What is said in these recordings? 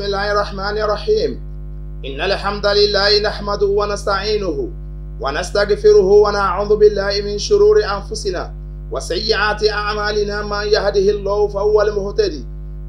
بسم الله الرحمن الرحيم إن الحمد لله نحمده ونستعينه ونستغفره ونعوذ بالله من شرور أنفسنا وسيئات أعمالنا من يهده الله فهو المهتدي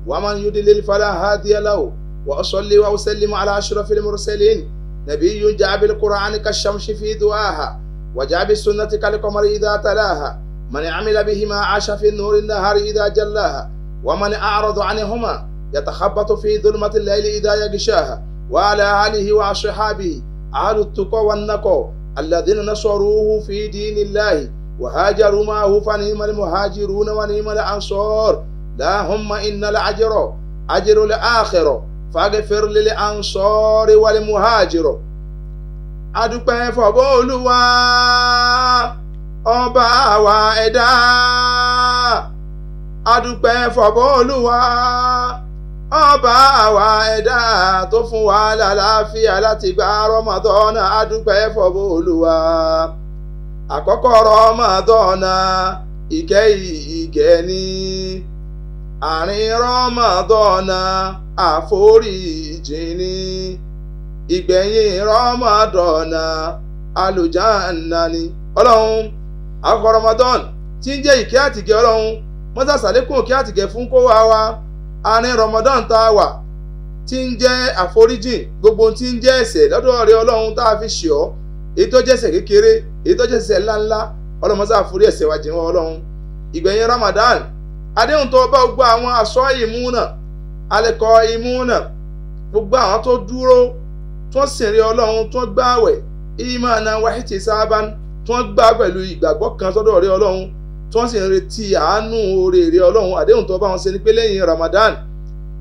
ومن يدلل فلا هادي له وأصلي وأسلم على أشرف المرسلين نبي جاء بالقرآن كالشمس في دعاها وجاء بالسنة كالقمر إذا تلاها من عمل بهما عاش في النور النهار إذا جلاها ومن أعرض عنهما يتخبط في ظلمة الليل إذا يغشاها وعلى آله وأصحابه أهل التقوى والنقوى الذين نصروه في دين الله وهاجروا معه فنعم المهاجرون ونعم الأنصار هم إن الأجر أجر الآخر فاغفر للأنصار والمهاجر ń sọ ọ́ rí wálé muhajirọ̀. adúpẹ́ fọ̀bọ́ olúwa ọba àwa ẹ̀dá adúpẹ́ fọ̀bọ́ olúwa. ọba àwa ẹ̀dá tó fún wa lálàáfíà láti gba rọmọdọ́nà adúpẹ́ fọ́bọ̀ olúwa àkọ́kọ́ rọmọdọ́nà ìkẹ́ ìkẹ́ ni àárín rọmọdọ́nà àforíjì ni ìgbẹ̀yìn rọmọdọ́nà alùjáǹnà ni ọlọ́run àkọ́kọ́ rọmọdọ́nà tí ń jẹ́ ìkẹ́ àtìgẹ́ ọlọ́run mọ́tàsálẹ́kùn ìkẹ́ àtìgẹ́ fún kó wa wa àárín Ramadan tá a wà tí ń jẹ́ àforíjìn gbogbo tí ń jẹ́ ẹ̀ṣẹ̀ lọ́dọ̀ rẹ ọlọ́run tá a fi ṣe ọ́ èyí tó jẹ́ ẹ̀ṣẹ̀ kékeré èyí tó jẹ́ ẹ̀ṣẹ̀ ńláńlá ọlọ́mọsá àforí ẹ̀ṣẹ̀ wa jìnwọ́ ọlọ́run ìgbẹ̀yìn Ramadan adéhùn tó bá gbogbo àwọn aṣọ ìmúnà alẹ́kọ̀ ìmúnà gbogbo àwọn tó dúró tó sìn rí ọlọ́run tó gbààwẹ̀ ìmọ̀ àná wáhìtì sábà tó gbà pẹ̀lú ìgbàgbọ́ kan sọ́dọ̀ rí ọlọ́run tí wọ́n sì ń retí àánú oore ọlọ́run àdéhùn tó bá wọn ṣe ni pé lẹ́yìn Ramadan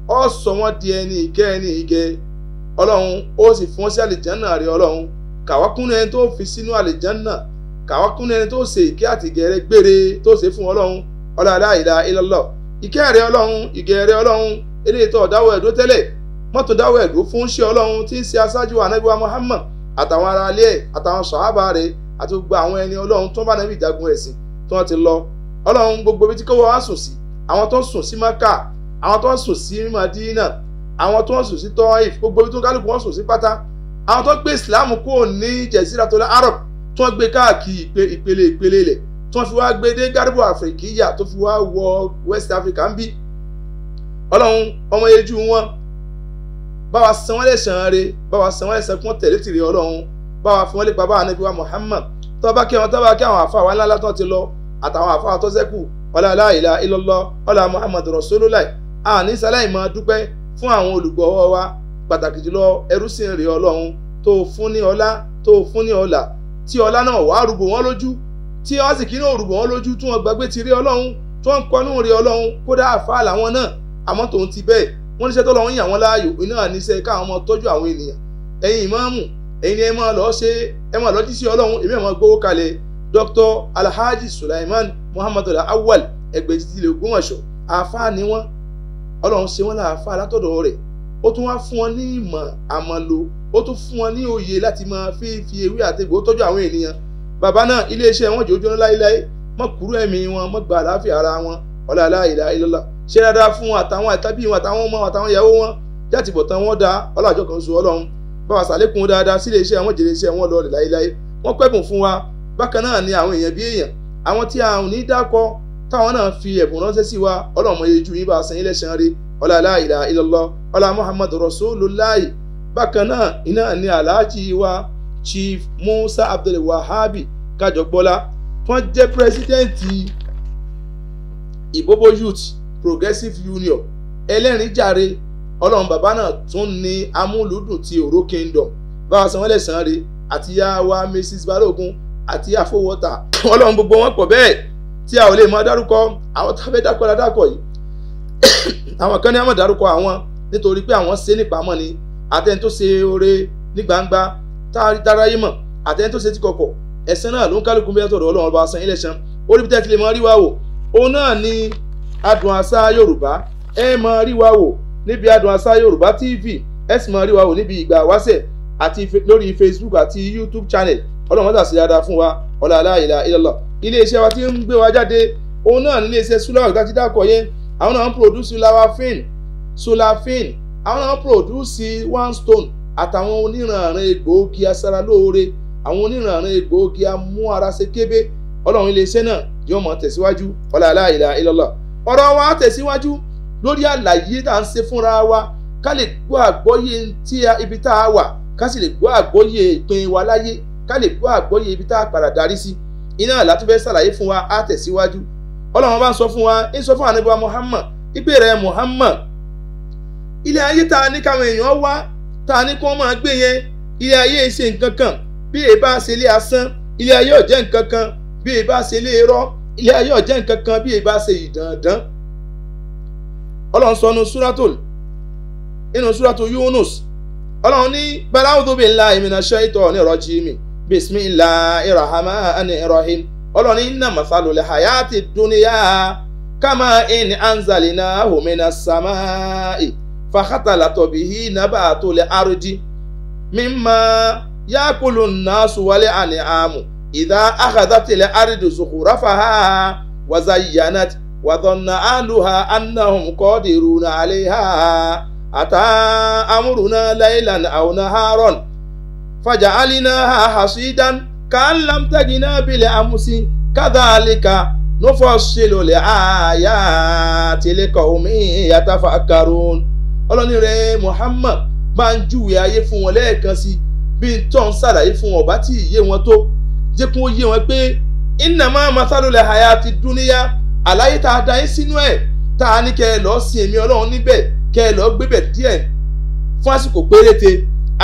ó sọ wọ́n di ẹni ìkẹ́ ẹni ìgẹ́ ọlọ́run ó sì fún wọn sí àlìjánà rẹ ọlọ́run kàwákùnrin ẹni tó fi sínú àlìjánà kàwákùnrin ẹni tó ṣe ìkẹ́ àtìgẹ́ rẹ gbére tó ṣe fún ọlọ́run ọlọ́run àìlá ilọ́lọ́ ìkẹ́ rẹ ọlọ́run ìgẹ́ rẹ ọlọ́run eléyìí tó dáwọ́ ẹ̀dó tẹ́lẹ̀ mọ́tò dáwọ́ ẹ̀dó fún ṣé ọlọ́run tí ń ṣe aṣáájú anábíwá Muhammad àtàwọn aráalé ẹ̀ àtàwọn sàhábà rẹ̀ àti gbogbo àwọn ẹni ọlọ́run tó bá nàbí ìjagun ẹ̀sìn tí wọ́n ti lọ ọlọ́run gbogbo ibi tí kò wọ́n á sùn sí àwọn tó ń sùn sí maka àwọn tó ń sùn sí madina àwọn tó ń sùn sí tọ́if gbogbo ibi tó ń kálukú wọ́n sùn sí pátá àwọn tó gbé ìsìláàmù kò ní jẹ̀síra tó lọ arab tó ń gbé káàkiri ìpele ìpele ilẹ̀ tó ń fi wá gbé dé garibu afrikiya tó fi wá wọ west africa ń bí ọlọ́run ọmọ ejú wọn báwa san wọ́n lẹ́san re báwa san wọ́n lẹ́san kún tẹ̀lé tìrì ọlọ́run báwa fi wọ́n lé bàbá ànábì wa muhammad tó bá kí wọn tó bá kí àwọn àfa wa ńlá látọ́ ti lọ àtàwọn àfáà tó ṣẹ́kù ọlá la ilaha illallah ọlá muhammad rasulullah àní sáláì máa dúpẹ́ fún àwọn olùgbọ̀wọ́ wa pàtàkì jùlọ ẹrúsìn rẹ̀ ọlọ́run tó fún ní ọlá tó fún ní ọlà tí ọlá náà wàá rúgbò wọn lójú tí ọ̀sìnkì náà rúgbò wọn lójú tí wọ́n gbàgbé ti rí ọlọ́run tí wọ́n kọ́nú rí ọlọ́run kódà àfáà làwọn náà àmọ́ tòun ti bẹ́ẹ̀ wọ́n níṣẹ́ tó lọ́wọ́ ń yàn wọ́n láàyò iná níṣẹ́ káwọn ọmọ tọ́jú àwọn ènìyàn ẹ̀yin ìmáàmù ẹ̀yin ni ẹ máa lọ ṣe ẹ máa lọ jí sí ọlọ́run èmi ẹ̀ máa gbowó kalẹ̀ dr alhaji sulaiman muhammad awal ẹgbẹ̀jì ti ilẹ̀ Ògbómọ̀ṣọ́ àáfàá ni wọ́n ọlọ́run ṣe wọ́n láàfáà látọ̀dọ̀ rẹ̀ ó tún wá fún wọn ní ìmọ̀ àmọ̀lò ó tún fún wọn ní òye láti máa fi fi ewé àtegbò tọ́jú àwọn ènìyàn bàbá náà iléeṣẹ́ wọn jòjó láéláé mọ́ kúrú ẹ̀mí wọn mọ́ gba àlàáfíà ara wọn ọ̀la aláìlá ìlọ́la ṣe dáadáa fún àtàwọn àtàbí wọn àtàwọn ọmọ àtàwọn ìyàwó wọn jáde bọ̀tán wọn dá ọlọ́àjọ kan so ọlọ́run bàbá sàlékún dáadáa sí iléeṣẹ́ wọn jèrè iṣẹ́ wọn lọ́ọ̀lẹ̀ láéláé wọ́n pẹ́bùn fún wa bákan náà ni àwọn èèyàn bí èèyàn àwọn tí a ò ní dákọ táwọn náà fi ẹ̀bùn ránṣẹ́ sí wa ọlọ́mọ yejú yín bá a san yín lẹ́sàn-án rí ọlá la ilaha ọlá muhammadu rasulullahi bákan náà iná ni aláàjì wa chief musa abdulwahabi kájọgbọ́lá wọ́n jẹ́ pírẹsidẹ́ǹtì ìbóbó youth progressive union ẹlẹ́rìnjàre ọlọ́run bàbá náà tún ní amúlùdùn ti òró kingdom bá a san wọ́n rí àti yá wa mrs Balogun àti àfọwọ́ta ọlọ́run gbogbo wọn pọ̀ bẹ́ẹ̀ tí a ò lè máa dárúkọ àwọn tá a fẹ́ dákọ̀ ládàkọ̀ yìí àwọn kan ní àwọn dárúkọ àwọn nítorí pé àwọn ṣe nípamọ́ ni àtẹni tó ṣe oore ní gbangba táráyé mọ̀ àtẹni tó ṣe ti kọ̀kọ̀ ẹ̀sán náà ló ń kálukú bí ẹ̀tọ́rọ̀ ọlọ́run ọba san ilé ṣan orí bíi tẹ́tí lè máa rí wa wò òun náà ni adùn àṣà yorùbá ẹ máa rí wa wò níbi adùn àṣà yorùbá tv ẹ sì máa rí wa wò níbi ìgbà wáṣẹ̀ àti lórí facebook àti youtube channel ọlọ́run mọ́tà sí dáadáa fún wa ọ̀la aláìlá ilọ̀lọ̀ iléeṣẹ́ wa ti ń gbé wa jáde òun náà níléeṣẹ́ sulawesi láti dákọ̀ yẹn àwọn náà ń pòdúsì lawafin sulafin àwọn náà ń pòdúsì one stone àtàwọn oníranran egbòogi asaralóore àwọn oníranran egbòogi amú ara ṣe kébé ọlọ́run iléeṣẹ́ náà yóò mọ̀ tẹ̀síwájú ọ̀la aláìlá ilọ̀lọ̀ ọ̀rọ̀ wa tẹ̀síwájú lórí àlàyé tá à ń ṣe fúnra wa ká lè gbọ́ àgbọ́yé ibi tá a wà ká sì lè gbọ́ àgbọ́yé ìpín wa láyé ká lè gbọ́ àgbọ́yé ibi tá a padà darí sí iná àlá tó fẹ́ ṣàlàyé fún wa á tẹ̀síwájú ọlọ́run bá ń sọ fún wa ń sọ fún àníbọ̀ Muhammad ìpè rẹ̀ Muhammad ilé ayé tá a ní káwọn èèyàn wá tá a ní kí wọ́n máa gbé yẹn ilé ayé ṣe nǹkan kan bí èèbá ṣe lé asán ilé ayé ọ̀jẹ̀ nǹkan kan bí èèbá ṣe lé irọ́ ilé ayé ọ̀jẹ̀ nǹkan kan bí èèbá ṣe ìdàndàn ọlọ́run sọ nu súrátòlù inú súrátò Yunus ọlọ́run ní balaudhu billahi minash shaitani rajimi bisimilahi irahmani irahim ọlọ́ni iná masalule hayati duniya kama in anzalina homina samai fakatala tobihi nabatule ardi mimma yakulu nasu wale ani amu ìdá akadatile ardi zukurafaha wazayyanat wazanna aluha annahum kọdiruna aleha ata amuruna laylan aw naharon fàjà alina hasidan kàn lamtagina bilẹ̀ amusi kadhalika nufasilu li ayati li qawmi yatafakkarun ọlọ́ni rẹ̀ Muhammad máa ń júwe ayé fún wọn lẹ́ẹ̀kan sí bí n tọ́ ń ṣàlàyé fún wọn ọ̀bá tí ìyé wọn tó jẹ́ kó yé wọn pé innama mathalul hayati dúníyà àlàyé tá a da yín sínú ẹ̀ tá a ní kẹ́ ẹ lọ́ọ́ sin èmi ọlọ́run níbẹ̀ kẹ́ ẹ lọ́ọ́ gbébẹ̀ díẹ̀ fún àsìkò péréte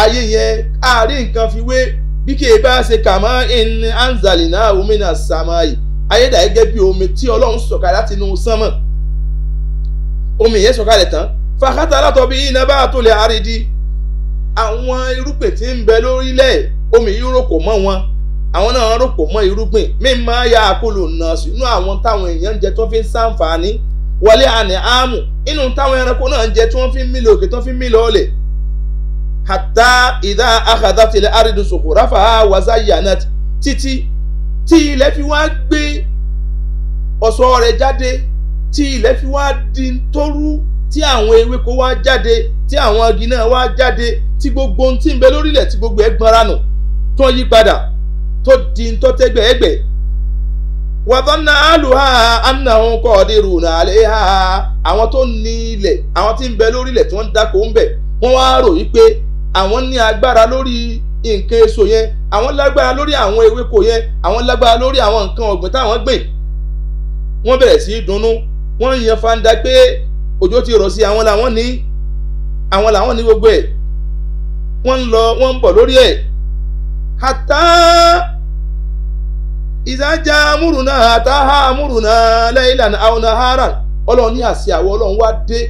ayé yẹn àárín nǹkan fi wé bí kì í bá ṣe kà mọ́ in anzali náà omi náà sàmáyì ayédà gẹ́gẹ́ bí omi tí ọlọ́run sọ̀ka láti inú sánmọ̀ omi yẹn sọ̀kalẹ̀ tán fàkàtà látọ̀ bí iná bá tó lè àrídì àwọn irúgbìn tí ń bẹ lórílẹ̀ omi yìí rò kò mọ́ wọn àwọn náà rò pò mọ́ irúgbìn ya àkólò náà sínú àwọn táwọn èèyàn ń jẹ tó fi ń sàǹfààní wọlé inú táwọn ẹranko náà ń jẹ tí hatta ìdá àkàdàtìlẹ̀ àrídùsòkò ráfà wàzà yanat títí tí ilẹ̀ fi wá gbé ọ̀ṣọ́ rẹ̀ jáde tí ilẹ̀ fi wá di tóru tí àwọn ewéko wá jáde tí àwọn agi náà wá jáde tí gbogbo ohun tí ń bẹ lórílẹ̀ tí gbogbo ẹ̀ gbọ́nra nù tó yí padà tó di ntọ́tẹ́gbẹ̀ ẹgbẹ̀ wàtánná àlùhà ànàhùn kọ́ọ̀dẹ́rù nàlẹ́ ha àwọn tó ní ilẹ̀ àwọn tí ń bẹ lórílẹ̀ tí wọ́n ń dáko ń bẹ̀ wọ́n wá rò yí pé àwọn ní agbára lórí nǹkan èso yẹn àwọn lágbára lórí àwọn ewéko yẹn àwọn lágbára lórí àwọn nǹkan ọ̀gbìn táwọn gbìn wọ́n bẹ̀rẹ̀ sí í dunnú wọ́n ń yan fanda pé òjò ti rọ̀ sí àwọn làwọn ní àwọn làwọn ní gbogbo ẹ̀ wọ́n ń lọ wọ́n ń bọ̀ lórí ẹ̀ hàtá ìsájà amúrùnà hàtá ha amúrùnà lẹ́yìnlá àwọn náà hàrà ọlọ́run ní àṣẹ àwọn ọlọ́run wá dé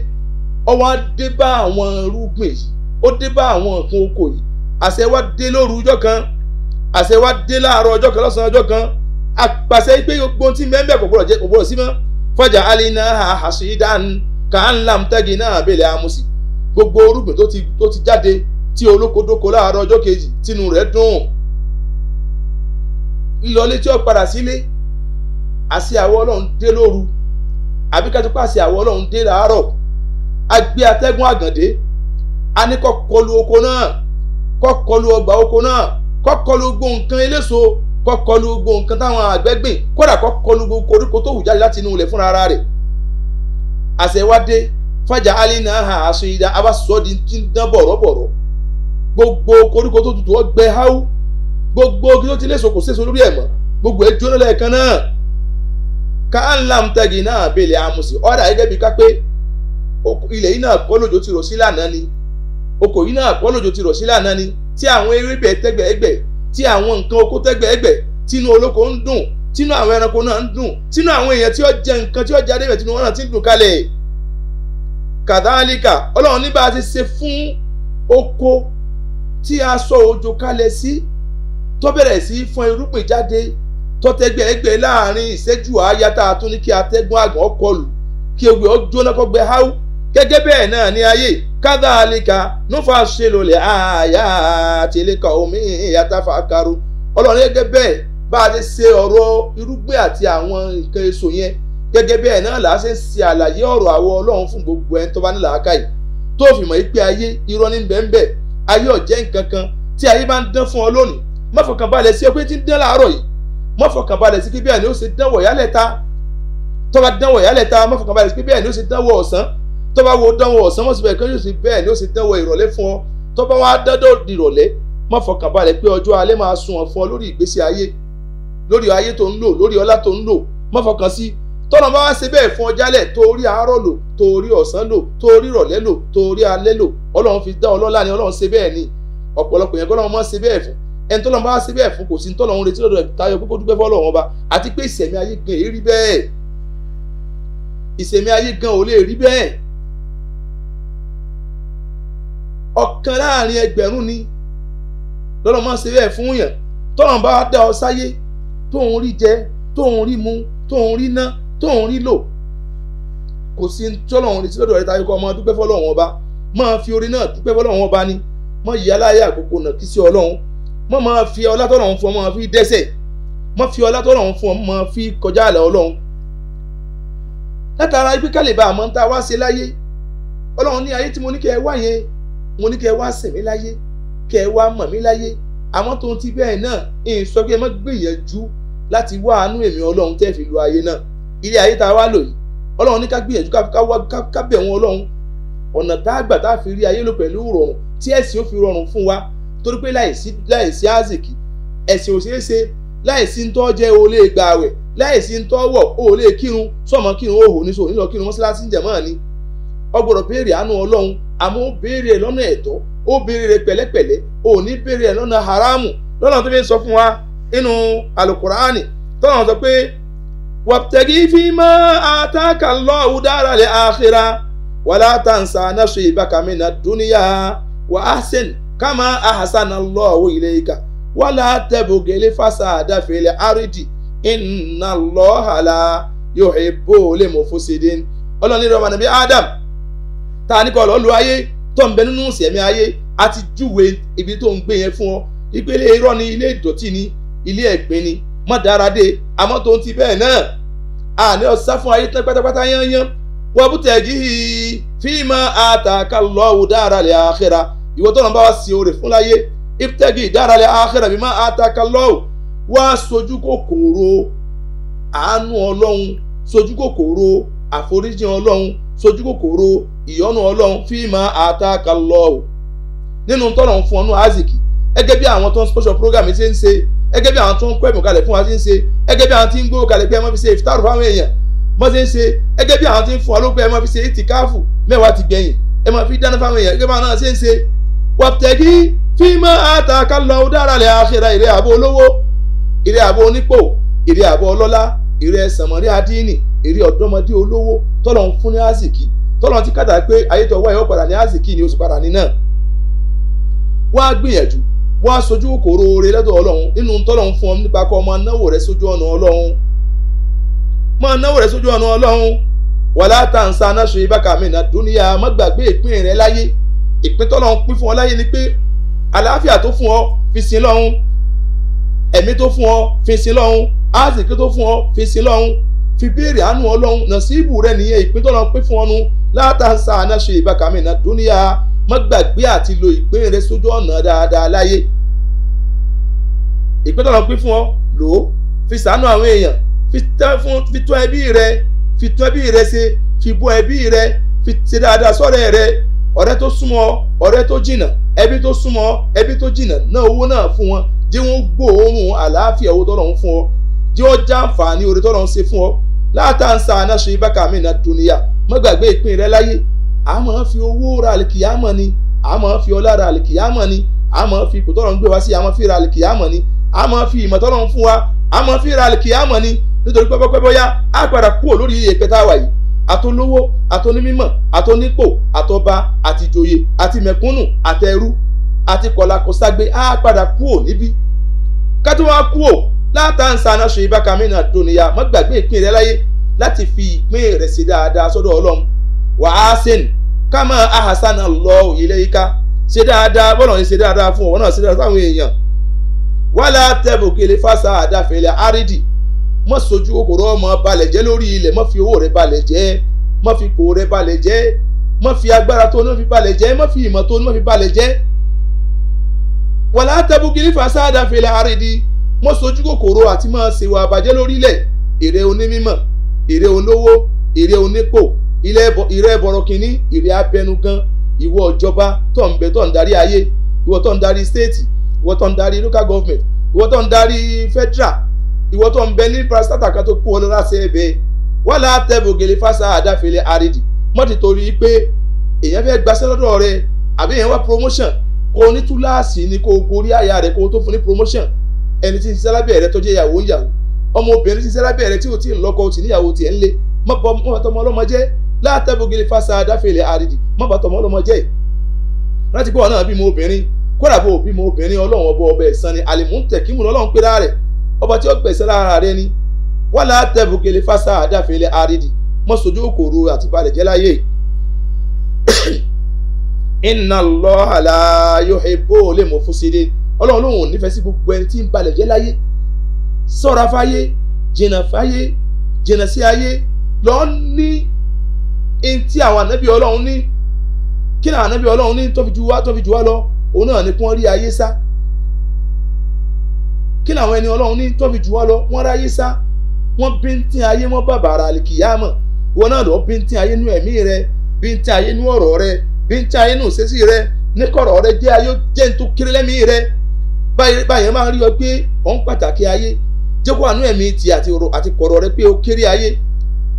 ọwọ́ á dé bá àwọn irúgbìn yìí ó dé bá àwọn nǹkan oko yìí àṣẹ wa dé lóru ọjọ́ kan àṣẹ wa dé láàárọ̀ ọjọ́ kan lọ́sàn-án ọjọ́ kan àpàṣẹ pé gbogbo tí mẹ́mbẹ́ kò gbọ́dọ̀ jẹ́ kò gbọ́dọ̀ sí mọ́ fọjà alina hasidan kanlam tagi náà bẹ̀lẹ̀ amusi gbogbo orúgbìn tó ti tó ti jáde tí olókodóko láàárọ̀ ọjọ́ kejì tínú rẹ̀ dùn lílọlé tí ó padà sílé àṣẹ àwọ̀ ọlọ́run dé lóru àbíkájú pàṣẹ àwọ̀ ọlọ́run dé láàárọ̀ agbé atẹ́gùn àgàndé a ní kó kọlu oko náà kó kọlu ọgbà oko náà kó kọlu gbogbo nǹkan eléso kó kọlu gbogbo nǹkan táwọn àgbẹ̀ gbìn kódà kọlu gbogbo koríko tó hù jáde láti inú ilẹ̀ fúnra rẹ̀ àṣẹ wá dé alina ha aṣọ ìdá abasọ́ọ̀dì ti ń dán bọ̀rọ̀bọ̀rọ̀ gbogbo koríko tó tutù ọgbẹ́ gbogbo kí ló ti léso gbogbo jóná lẹ́ẹ̀kan náà ká ń náà amusi ọ̀dà bí ká pé ilẹ̀ yìí náà kọ́ lójó ti ni oko yìí náà pọ́ lòjò ti rọ̀ sílẹ̀ àná ni tí àwọn ewébẹ̀ tẹ́gbẹ̀ẹ́gbẹ̀ tí àwọn nǹkan oko tẹ́gbẹ̀ẹ́gbẹ̀ tínú olóko ń dùn tínú àwọn ẹranko náà ń dùn tínú àwọn èèyàn tí ó jẹ nǹkan tí ó jẹ adébẹ̀ tínú wọn náà fún oko tí a sọ òjò kalẹ̀ sí tó bẹ̀rẹ̀ sí fọn irúgbìn jáde tó tẹ́gbẹ̀ẹ́gbẹ̀ láàrin ìṣẹ́jú àáyá tá a tún ní kí atẹ́gùn gẹ́gẹ́ bẹ́ẹ̀ náà ní ayé alika nufa ṣelòlẹ̀ àyà àtìlẹ́kà omi ìyàtàfà karu ọlọ́run gẹ́gẹ́ bẹ́ẹ̀ bá a ti ṣe ọ̀rọ̀ irúgbìn àti àwọn nǹkan èso yẹn gẹ́gẹ́ bẹ́ẹ̀ náà là á ṣe ń ṣe àlàyé ọ̀rọ̀ àwọ ọlọ́run fún gbogbo ẹni tó bá ní làákàyè tó fi mọ̀ pé ayé irọ́ ní bẹ́ẹ̀nbẹ́ ayé ọ̀jẹ́ nǹkan kan tí ayé bá ń dán fún ọ lónìí má sí ọpẹ́ tí ń dán láàárọ̀ yìí má sí pé bẹ́ẹ̀ ni ó ṣe dánwò yálẹ̀ ta tó bá dánwò yálẹ̀ ta má fọkàn balẹ̀ sí pé bẹ́ẹ̀ ni ó ṣe dánwò ọ̀sán tó bá wo dánwò ọ̀sán mọ̀ síbẹ̀ kan yóò sì bẹ́ẹ̀ ni ó sì dánwò ìrọ̀lẹ́ fún ọ tó bá wá dándó ìrọ̀lẹ́ má fọkàn balẹ̀ pé ọjọ́ alẹ́ máa sun ọ̀ fún ọ lórí ìgbésí ayé lórí ayé tó ń lò lórí ọlá tó ń lò má fọkàn sí tọ́nà bá wá ṣe bẹ́ẹ̀ fún ọ jálẹ̀ tó rí àárọ̀ lò tó rí ọ̀sán lò tó rí ìrọ̀lẹ́ lò tó rí alẹ́ lò ọlọ́run fi dá ọlọ́lá ni ọlọ́run ṣe bẹ́ẹ̀ ni ọ̀pọ̀lọpọ̀ yẹn kọ́lọ́run mọ́ ṣe bẹ́ẹ̀ fún ẹni tọ́lọ́run bá wá ṣe bẹ́ẹ̀ fún kò sí tọ́lọ́run retí lọ́dọ̀ tayọ pé kó dúpẹ́ fọ́lọ́run ọba àti pé ìṣẹ̀mí ayé gan èrí bẹ́ẹ̀ ìṣẹ̀mí ayé gan ò lè rí bẹ́ẹ̀ ọ̀kan láàrin ẹgbẹ̀rún ni lọ́nà máa ṣe bẹ́ẹ̀ fún yàn tọ́nà bá dá ọ sáyé tóun rí jẹ tóun rí mu tóun rí ná tóun rí lò kò sí tọ́lọ́run retí lọ́dọ̀ rẹ̀ tayọ kọ́ ọmọ dúpẹ́ fọlọ́run ọba máa fi orin náà dúpẹ́ fọlọ́run ọba ni mọ ìyá aláyà àkókò náà kí sí ọlọ́run mọ máa fi ọlá tọ́lọ́run fún ọ máa fi dẹ́sẹ̀ mọ fi ọlá tọ́lọ́run fún ọ máa fi kọjá àlà ọlọ́run látara ibi kálíbà àmọ́ ń ta wá ṣe láyé ọlọ́run ní ayé tí mo ní kí ẹ wá yẹn mo ní kẹ́ ẹ wá sìn mí láyé kẹ́ ẹ wá mọ̀ mí láyé àmọ́ tó ń ti bẹ́ẹ̀ náà èyí sọ pé ẹ má gbìyànjú láti wá àánú èmi ọlọ́run tẹ́ fi lu ayé náà ilé ayé tá a wá lò yìí ọlọ́run ní ká gbìyànjú ká bẹ̀ wọn ọlọ́run ọ̀nà tá a gbà tá a fi rí ayé lò pẹ̀lú rọrùn tí ẹ̀sìn ó fi rọrùn fún wa torí pé láìsí azikì ẹ̀sìn ò ṣeé ṣe láìsí ń tọ́ jẹ́ olè gbààwẹ̀ láìsí ń tọ́ wọ̀ olè kírun sọ̀mọ́ kírun òhò ní sòwò nílọ kírun mọ́ṣáláṣí ń jẹ̀mọ́ ni o gbọ́dọ̀ béèrè àánú ọlọ́run àmọ́ ó béèrè ẹ̀ lọ́nà ẹ̀tọ́ ó béèrè rẹ̀ pẹ̀lẹ́pẹ̀lẹ́ ò ní béèrè ẹ̀ lọ́nà haramu lọ́nà tó fi ń sọ fún wa inú alukuraani tọ́nà sọ pé wàtẹ́gì fi mọ́ àtàkà lọ́ọ̀hún dára lẹ́ àkírà wàlá tàǹsà náṣu ìbákàmínà dúníyà wà á sẹ́ni kàmá àhásánà lọ́ọ̀hún ilé ìka wàlá tẹ̀bùgẹ́lẹ́ fásà àdáfẹ́lẹ́ àrídì ìnà lọ́ọ̀hàlà yóò hẹ́ bó lè mọ̀ fún sídìn ọlọ́ni rọ̀mọ̀nàbí Adam tá a ní kọ́ lọ́ọ́ lo ayé tó ń bẹ nínú ìsẹ̀mí ayé a ti júwe ibi tó ń gbé yẹn fún ọ ìpele irọ́ ni ilé ìdọ̀tí ni ilé ẹ̀gbin ni mọ́ dáradé àmọ́ tó ń ti bẹ́ẹ̀ náà àní ọ̀sá fún ayé tán pátápátá yányán wọ́n bú tẹ̀gí fíìmà àtàkà lọ́wọ́ dára lẹ́ àkẹ́ra ìwọ tó ń bá wa sí oore fún láyé ìtẹ́gì dára lẹ́ àkẹ́ra bímọ àtàkà lọ́wọ́ wá sojú kòkòrò àánú ọlọ́run sojú kòkòrò àforíjì ọlọ́run sojú kòkòrò ìyọ́nú ọlọ́run fíìmà àtàkà lọ́wọ́ nínú tọ́lọ̀ ń fún ọnú aziki gẹ́gẹ́ bí àwọn tó ń special program ṣe ń ṣe gẹ́gẹ́ bí àwọn tó ń kọ́ ẹ̀bùn kalẹ̀ fún wa ṣe ń ṣe gẹ́gẹ́ bí àwọn tí ń gbówó kalẹ̀ pé ẹ má fi ṣe ìfitáàrù fáwọn èèyàn mọ́ ṣe ń ṣe gẹ́gẹ́ bí àwọn tí ń fún wa ló pé ẹ má fi ṣe ìtìkáàfù mẹ́wàá ti gbẹ̀yìn ẹ má fi dáná fáwọn èèyàn gẹ́gẹ́ bí àwọn náà ṣe ń ṣe wàtẹ́gí fíìmà àtàkà lọ́wọ́ dára lẹ́ àṣẹra ìrẹ́ àbò olówó ìrẹ́ àbò onípò ìrẹ́ àbò ọlọ́lá ìrẹ́ sàmọ́rí adínì ìrẹ́ ọ̀dọ́mọdé olówó tọ́lọ̀ ń fún ní àsìkí tọ́lọ́ ti kàtà pé ayétọ̀ wáyé ó padà ní àsìkí ni ó sì padà ní náà wá gbìyànjú wá sojú kòrò oore lẹ́dọ̀ ọlọ́run nínú tọ́lọ́run fún ọ nípa kọ́ ọmọ náwó rẹ sójú ọ̀nà ọlọ́run máa náwó rẹ sójú ọ̀nà ọlọ́run wàlá tàǹsà náṣọ ibàkà mìíràn dúníyà má gbàgbé ìpín rẹ láyé ìpín tọ́lọ́run pín fún ọ láyé ni pé àlàáfíà tó fún ọ fi sin lọ́run ẹ̀mí tó fún ọ fi sin lọ́run àsìkí tó fún ọ fi sin lọ́run fi béèrè àánú ọlọ́run nàṣíbù rẹ nìyẹn ìpín tọ́lọ́run pín fún ọ nu látàǹsà anáṣe ìbákàmì náà dúníyà má gbàgbé àti lo ìpín rẹ sójú ọ̀nà dáadáa láyé ìpín tọ̀nà pín fún ọ lò ó fi ṣàánú àwọn èèyàn fi tún ẹbí rẹ fi tún ẹbí rẹ ṣe fi bọ́ ẹbí rẹ fi ṣe dáadáa sọ́rẹ́ rẹ ọ̀rẹ́ tó súnmọ́ ọ̀rẹ́ tó jìnà ẹbí tó súnmọ́ ẹbí tó jìnà náà owó náà fún wọn jẹ́ wọ́n gbóòórùn àlàáfíà owó tọ́lọ̀ ń fún ọ jẹ́ wọ́n jàǹfààní oore tọ́lọ̀ ń ṣe fún ọ látàǹsà anáṣe bákàmì náà dúníyà má gbàgbé ìpín rẹ láyé a máa fi owó ra àlìkìyàmọ̀ ni a máa fi ọlá ra àlìkìyàmọ̀ ni a máa fi ipò tọ́lọ̀ ń gbé wá sí a fi ra àlìkìyàmọ̀ ni a máa fi ìmọ̀ tọ́lọ̀ ń fún wa a máa fi ra àlìkìyàmọ̀ ni nítorí pẹ́pẹ́pẹ́ bóyá a padà kúrò lórí ìpẹ́tà wà yìí àtolówó àtonímímọ̀ àtonípò àtọba àtìjòyè àti mẹ̀kúnnù àtẹrú àti kọ̀làkọ̀ságbé a padà kúrò níbí kátó wá kúrò látàǹsà náà ṣe ìbákamínà dòníyà mọ́gbàgbé ìpín rẹ láyé láti fi ìpín rẹ̀ ṣe dáadáa sọ́dọ̀ ọlọ́run wa ahsin kama ahsana Allahu ilayka ṣe dáadáa bọ́lá ń ṣe dáadáa fún ọ̀wọ́ náà ṣe dáadáa fáwọn èèyàn wala tabghil fasada fil ardi mọ́ sojú kòkòrò ọmọ balẹ̀ jẹ́ lórí ilẹ̀ mọ́ fi owó rẹ̀ balẹ̀ jẹ́ mọ́ fi kò rẹ̀ balẹ̀ jẹ́ mọ́ fi agbára tó ní mọ́ fi balẹ̀ jẹ́ mọ́ fi ìmọ̀ tó ní mọ́ fi balẹ̀ jẹ́ wala tabghil fasada fil ardi mọ́ sojú kòkòrò àti mọ́ ṣèwà àbàjẹ́ lórí ilẹ̀ èrè onímọ̀ èrè olówó èrè onípò ìrẹ́ ẹ̀bọ̀rọ̀ kínní èrè abẹnugan ìwọ ìjọba tó ń bẹ tó ń darí ayé ìwọ tó ń darí stéètì ìwọ tó ń darí local government ìwọ tó ń darí federal ìwọ tó ń bẹ ní parastata kan tó kú ọ lọ́la ṣe é bẹ́ẹ̀ wọ́n lá tẹ́bù gèlè fásá àdáfẹ́lẹ́ àrídì mọ́tì torí pé èèyàn fẹ́ gbaṣẹ́ lọ́dọ̀ rẹ àbí èèyàn wá promotion kó o ní túláàsì ni kó o gorí àyà rẹ kó o tó fún ní promotion ẹni tí ń ṣiṣẹ́ lábẹ́ rẹ tó jẹ́ ìyàwó ìyàwó ọmọbìnrin ti sẹ́rá bẹ̀rẹ̀ tí ò tí ì lọ́kọ ò tí níyàwó tiẹ̀ ń lé mọ́bọ mọ́tọmọ ọlọ́mọ jẹ́ látẹ́bùgìlì fásá dáfẹ́lẹ̀ àrídì mọ́bàtọmọ ọlọ́mọ jẹ́ rántí pé wọn náà bímọ obìnrin kódà bó bímọ obìnrin ọlọ́run ọba ọba ẹ̀sán ni àlìmúntẹ̀kímù lọ́lọ́run pé láàrẹ̀ ọba tí ó gbẹ̀sẹ̀ ni àrídì òkòrò àti balẹ̀ jẹ́ láyé ọlọ́run sọ́ra fáyé jìnnà fáyé jìnnà sí ayé lọ́ọ́ ní ẹni tí àwọn ànábì ọlọ́run ní kí ni àwọn ànábì ọlọ́run ní tó fi ju wá tó fi ju wá lọ òun náà ni kí wọ́n rí ayé sá kí ni àwọn ẹni ọlọ́run ní tó fi ju wá lọ wọ́n ráyé sá wọ́n bíntín ayé wọ́n bàbàrà àlìkìyàmọ̀ wọn náà lọ́ọ́ bíntín ayé nú ẹ̀mí rẹ bíntín ayé nú ọ̀rọ̀ rẹ bíntín ayé nú sẹ́sì rẹ níkọ̀rọ̀ rẹ jẹ́ ayé jẹ́ nítorí kéré lẹ́mìí rẹ báyìí máa ń rí ọ pé òun pàtàkì ayé jẹ́ kó àánú ẹ̀mí ti àti ọ̀rọ̀ àti kọ̀rọ̀ rẹ pé ó kéré ayé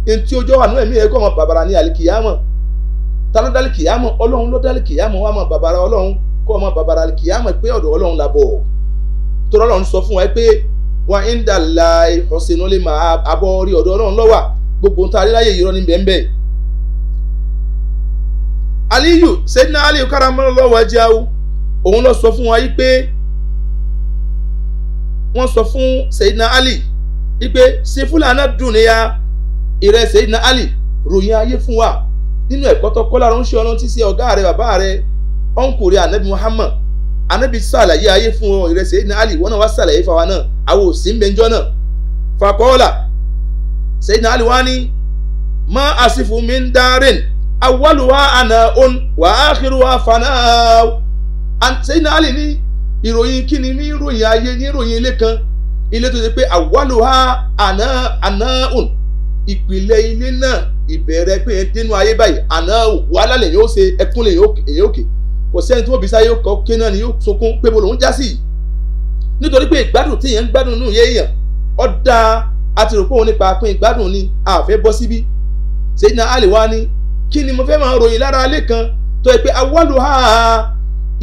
ẹni tí ó jọ àánú ẹ̀mí rẹ kọ́ ọmọ bàbàrà ní àlìkìyàmọ̀ ta ló dálé kìyàmọ̀ ọlọ́run ló dálé kìyàmọ̀ wà mọ̀ bàbàrà ọlọ́run kọ́ ọmọ bàbàrà kìyàmọ̀ pé ọ̀dọ̀ ọlọ́run làbọ̀ tó lọ́run sọ fún wa pé wa inda Allahi husnul ma'ab abọ́ orí ọ̀dọ̀ ọlọ́run ló wà gbogbo ń ta wọ́n sọ fún Sayyidina Ali wípé ṣe fúlàní dùn níyà ìrẹ Sayyidina Ali ròyìn ayé fún wa nínú ẹ̀kọ́ tó kọ́ lára ń ṣe ọlọ́run tí ṣe ọ̀gá rẹ bàbá rẹ ọ̀nkù rẹ anabi Muhammad anabi sàlàyé ayé fún ọ ìrẹ Sayyidina Ali wọn náà wá sàlàyé fáwa náà àwọn òsì ń bẹ njọ́ náà fàkọ́ọ̀là Sayyidina Ali wá ní ma asifu min darin awwaluha ana'un wa akhiruha fana'u Sayyidina Ali ni ìròyìn kíni ní ìròyìn ayé ní ìròyìn ilé kan ilé tó ṣe pé àwálòhá àná ànáhùn ìpìlẹ̀ ilé náà ìbẹ̀rẹ̀ pé ẹ dénú ayé báyìí àná wàhálà lè yóò ṣe ẹkún lè yóò kè kò sẹ́ni tí wọ́n bí sáyé kọ́ ké náà ni yóò sunkún pé mo lòún já sí yìí nítorí pé ìgbádùn tí ń gbádùn nù yé èèyàn ọ̀dà àtìròpọ̀ òun nípa pín ìgbádùn ni àfẹ́ bọ́ síbí ṣèyí náà àlè wá ní kí ni mo fẹ́ máa ròyìn lára alẹ́ kan tó yẹ pé awọ́lùhà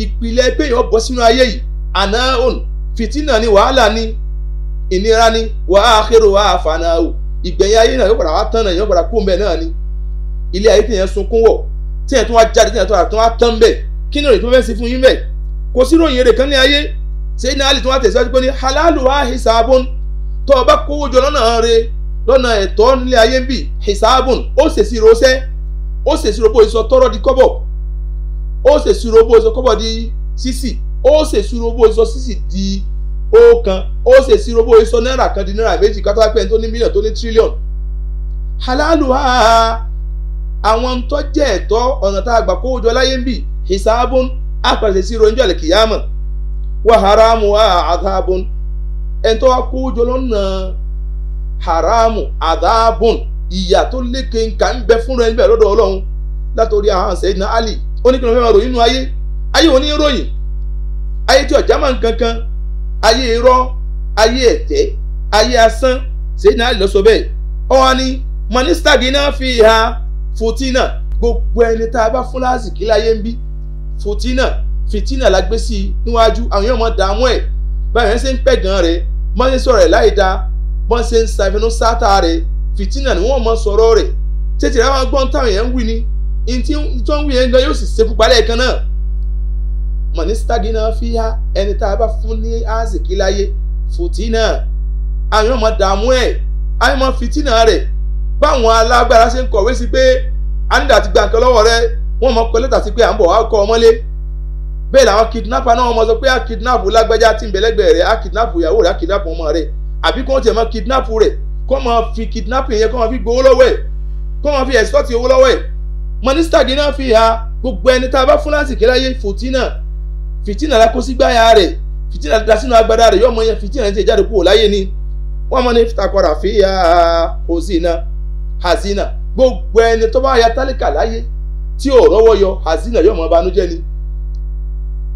ìpìlẹ̀ pé èèyàn bọ́ sínú ayé yìí àná òun fìtínà ni wàhálà ni ìnira ni wàá àkérò wàá àfààná o ìgbẹ̀yìn ayé náà yóò padà wá tán náà yóò padà kú mbẹ náà ni ilé ayé tèèyàn sunkún wọ̀ tèèyàn tó wá jáde tèèyàn tó wá tán wá tán mbẹ kí ni òyìn tó fẹ́ sí fún yín bẹ̀ kò sí ròyìn èrè kan ní ayé sẹ́yìn náà lè tó wá tẹ̀síwájú pé ní halalu wa hisabun tó o bá kówó jọ lọ́nà rẹ̀ lọ́nà ẹ̀tọ́ nílé ayé ń bì hisabun ó ṣèṣirò ṣẹ́ ó ṣèṣirò bó ṣe tọ́rọ́ di kọ́bọ̀ ó sì ṣírò owó oṣù kọ́bọ̀ di sísì ó sì ṣírò owó oṣù sísì di ọ̀kan ó sì ṣírò owó oṣù náírà kan di náírà méjì kátó wá tó ní mílíọ̀n tó ní tírílíọ̀n halalu ha àwọn tó jẹ́ ẹ̀tọ́ ọ̀nà tá a gbà kó ń bì hisabun haramu ha adhabun ẹ̀tọ́ kó jọ haramu adabun ìyà tó lékè ń bẹ ẹni bẹ́ẹ̀ lọ́dọ̀ ọlọ́run látòrí àwọn Ali ó ní kí ló fẹ́ máa ròyìn nínú ayé ayé òní ròyìn ayé tí ọ̀já máa ń kankan ayé irọ́ ayé ẹ̀tẹ́ ayé asán ṣèyí náà lọ bẹ́ẹ̀ ọ̀hún ni mọ̀nísítà gíná fi ha fòtínà gbogbo ẹni tá a bá fún lásìkí láyé ń bí fòtínà fìtínà la gbé sí i níwájú àwọn èèyàn mọ̀ dààmú ẹ̀ báyìí wọ́n ṣe ń pẹ̀gàn rẹ̀ bọ́n ṣe ń sọ̀rọ̀ ẹ̀ láì da bọ́n ṣe ń ṣàfihàn sátà rẹ̀ fìtínà ni wọ́n mọ̀ sọ̀rọ̀ rẹ̀ tètè rẹ̀ wọ́n gbọ́n táwọn èèyàn ń wí ni ntí tó ń wí yẹn gan yóò sì ṣe pupa lẹ́ẹ̀kan náà mọ̀nísítà gíná fi há ẹni tá a bá fún ní àsìkí láyé fòtínà àwọn ọmọ dààmú ẹ̀ àwọn ọmọ fìtínà rẹ̀ báwọn alágbára ṣe ń kọ̀wé sí pé àǹdà ti gba nǹkan lọ́wọ́ rẹ̀ wọ́n mọ pé lẹ́tà sí pé à ń bọ̀ wá kọ́ ọmọlé bẹ́ẹ̀ làwọn kidnapper náà wọ́n mọ sọ pé a kidnap lágbájá tí ń bẹ lẹ́gbẹ̀ẹ́ rẹ̀ a kidnap ìyàwó rẹ̀ a kidnap ọmọ rẹ̀ àbí kò tiẹ̀ mọ kidnap rẹ̀ kó mọ fi kidnap yẹn kó mọ fi gbowó lọ́wọ́ ẹ̀ kó mọ fi extort owó lọ́wọ́ ẹ̀ mọ́nísítà gíná fi ha gbogbo ẹni tá a bá fún lásìkè láyé fòtínà fìtínà la kó sígbáyà rẹ̀ fìtínà da sínú agbada rẹ̀ yọ ọmọ yẹn fìtínà ti jáde kúrò láyé ni wọ́n mọ́ ní takọ̀rà fi ha hosina hazina gbogbo ẹni tó bá ya tálíkà láyé tí ò rọ́wọ́ yọ hazina yọ ọmọ banújẹ́ ni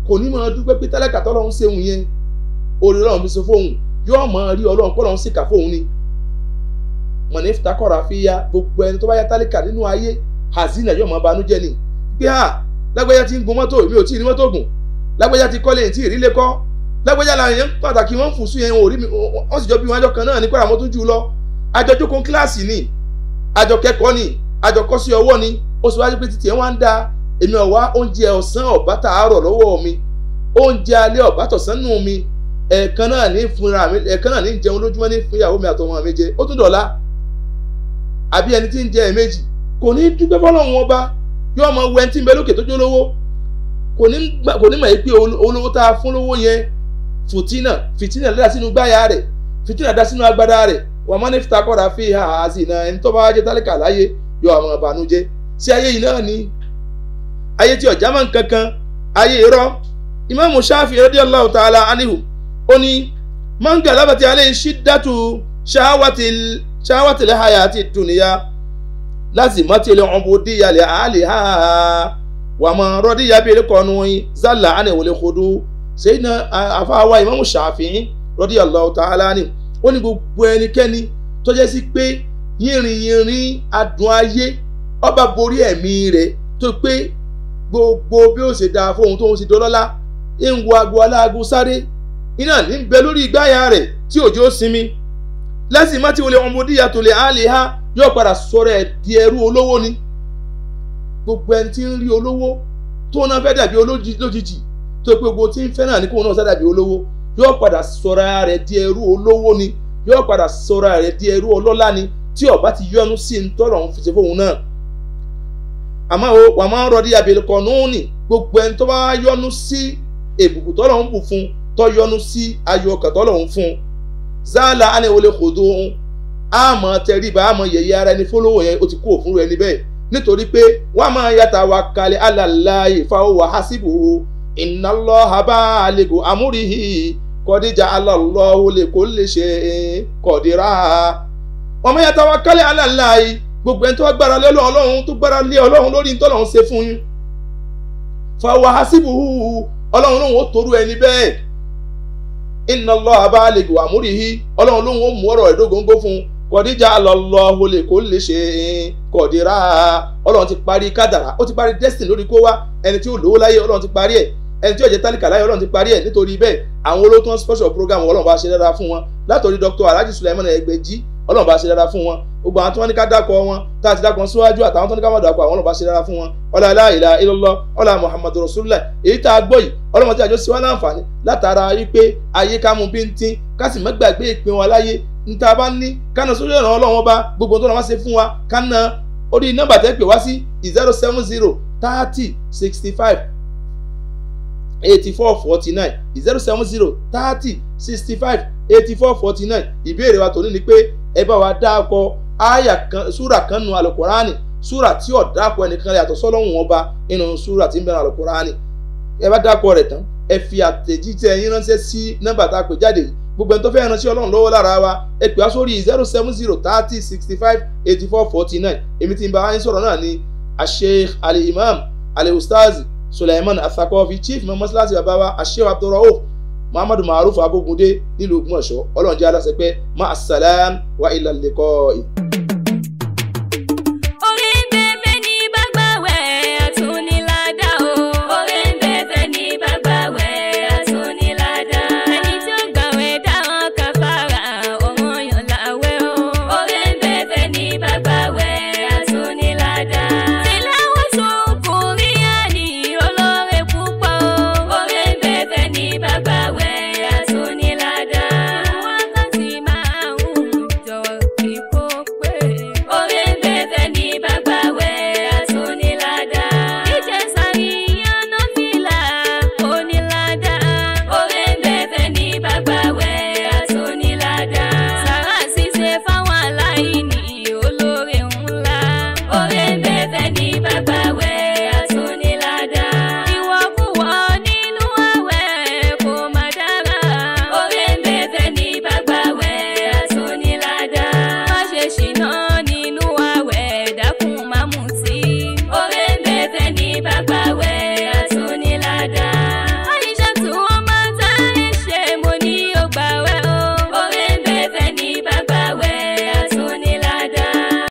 kò ní mọ̀ dúpẹ́ pé tálíkà tọ́lọ́run ṣeun yẹn orí ọlọ́run fi so fóun yóò mọ̀ rí ọlọ́run pọ́lọ́run sì kà fóun ni mọ̀ ní takọ̀rà fi ya gbogbo ẹni tó bá ya tálíkà nínú ayé hazina yóò mọ banújẹ́ ni pé ha, ah, lágbájá ti ń gun mọ́tò èmi ò tí ì rí mọ́tò gùn lágbájá ti kọ́lé tí ìrílé kọ́ lágbájá làwọn èèyàn pàtàkì wọ́n ń fún sún yẹn wọn ò rí mi wọ́n sì jọ bí wọn àjọ kan náà ní kó àwọn tó jù lọ àjọ jókòó kíláàsì ni àjọ kẹ́kọ̀ọ́ ni àjọ kọ́sí ọwọ́ ni ó sì wájú pé títí ẹ̀ wá ń da èmi ọ̀wá oúnjẹ ọ̀sán ọ̀bá tààrọ̀ lọ́wọ́ mi oúnjẹ alẹ́ ọ̀bá tọ̀sán nù mi ẹ̀ẹ̀kan náà ní fúnra mi ẹ̀ẹ̀kan náà ní jẹun lójúmọ́ ní fún mi àtọmọ mi jẹ ó tún dọ̀la àbí ẹni tí ń jẹ ẹ̀ẹ̀mejì kò ní dúpẹ́ fọlọ́run ọba yóò máa wẹ tí ń bẹ lókè tó jólówó kò ní mọ̀ pé olówó tá a fún lówó yẹn fìtínà fìtínà dá sínú gbáyà rẹ̀ fìtínà dá sínú agbádá rẹ̀ wọ́n máa ní fìtà kọ́ra fi hà á sì náà ẹni tó bá jẹ́ tálíkà láyé yóò máa bànújẹ́ sí ayé yìí náà ni ayé tí ọ̀já máa ń kankan ayé irọ́ ìmáàmù Ṣáfì radiyallahu ta'ala anhu ó ní man galabati alayhi shiddatu ṣáwátìlẹ̀ hayati dunya lazimati al-ubudiyya li ahliha wa man radiya bil qanuni zalla anhu al-khudu sayyidina àfáwá Imam Shafi'i radiyallahu ta'ala ni ó ní gbogbo ẹnikẹ́ni tó jẹ́ sí pé yìnrìnyìnrìn adùn ayé ọba borí ẹ̀mí rẹ̀ tó pé gbogbo bí ó ṣe dáa fóun tóun ṣe dọ́lọ́lá ń wo aago aláago sáré iná ní bẹ lórí ìgbáyà rẹ̀ tí òjò sinmi lẹ́sìn mọ́tí wọlé ọmọdéyà tó lè á lè ha yóò padà sọ̀rọ̀ ẹ̀ di ẹrú olówó ni gbogbo ẹni tí ń rí olówó tó náà fẹ́ dàbí olójijì tó pé gbogbo tí ń fẹ́ náà ní kóun náà sá dàbí olówó yóò padà sọ̀rọ̀ rẹ̀ di ẹrú olówó ni yóò padà sọ̀rọ̀ rẹ̀ di ẹrú ọlọ́lá ni tí ọba ti yọnu sí ń tọrọ ń fèsì fóun náà àmọ́ wà máa ń rọdí abẹ́lẹ́kọ̀ nùúnì gbogbo ẹni tó bá yọnu sí èbùkù tọ́lọ̀ ń bù fún tó yọnu sí ayọ̀ ọkà tọ́lọ̀ ń fún zala anewole kodo àmọ́ tẹríba àmọ́ yẹ̀yẹ́ ara ẹni fólówó yẹn ó ti kú òfúru ẹni bẹ́ẹ̀ nítorí pé wọ́n á máa yàtà wà kalẹ̀ alàlàyé fáwọ́wà hásìbò inna Allaha balighu amrihi qad ja'ala Allahu li kulli shay'in qadira. wọ́n máa yàtà kalẹ̀ gbogbo ẹni tó wá gbára lé ọlọ́run tó gbára lé ọlọ́run lórí ní tọ́lọ́run ṣe fún yín fáwọ́wà hásìbò ọlọ́run lòun ó torú ẹni bẹ́ẹ̀ kọ̀díjà lọ́lọ́ olè kò lè ṣe kọ̀dírà ọlọ́run ti parí kádàrà ó ti parí destiny lórí kó wá ẹni tí ó lówó láyé ọlọ́run ti parí ẹ̀ ẹni tí ó jẹ́ tálíkà láyé ọlọ́run ti parí ẹ̀ nítorí bẹ́ẹ̀ àwọn olótọ́ special program ọlọ́run bá ṣe dára fún wọn látòrí Dr. Alhaji Suleiman Ẹgbẹ́jì ọlọ́run bá ṣe dára fún wọn gbogbo àwọn tí wọ́n ní ká dákọ̀ wọn tá a ti dákọ̀ síwájú àtàwọn tó ní ká má dákọ̀ àwọn ọlọ́run bá ṣe dára fún wọn ọlá la ilaha illallah ọlá muhammadu rasulullah èyí tá a gbọ́ yìí ọlọ́run tí àjọ sí wa láǹfààní látara wípé ayé ká mú bíntín ká sì má gbàgbé ìpín wọn láyé níta bá ní kánà sórí ọ̀nà ọlọ́wọ́n bá gbogbo tó lọ́wọ́ ṣe fún wa kánà orí nọ́mbà tẹ́ pè wá sí zero seven zero thirty sixty five eighty four forty nine zero seven zero thirty sixty five eighty four forty nine ìbéèrè wa tòní ni pé ẹ bá wa dá ọkọ àyà kan súrà kan nu alukurani súrà tí ò dákọ ẹnìkan yàtọ̀ sọ́lọ́hún ọba inú súrà tí ń bẹ̀rẹ̀ alukurani ẹ bá dákọ rẹ̀ tán ẹ fi àtẹ̀jíṣẹ́ yín ránṣẹ́ sí nọ́mbà tá a pè jáde yìí gbogbo ẹni tó fẹ́ ránṣẹ́ ọlọ́run lọ́wọ́ lára wa ẹ pè wá sórí zero seven zero thirty sixty five eighty four forty nine èmi tí ń bá yín sọ̀rọ̀ náà ni asheikh ali imam ali ustaz suleiman asakọ́fi chief mọ́mọ́síláṣí bàbá wa asheikh abdulrauf muhammadu maruf abogunde nílùú ògbómọ̀ṣọ́ ọlọ́run jẹ́ aláṣẹ pé ma asalaam wa ilà lẹ́kọ́ọ́ yìí.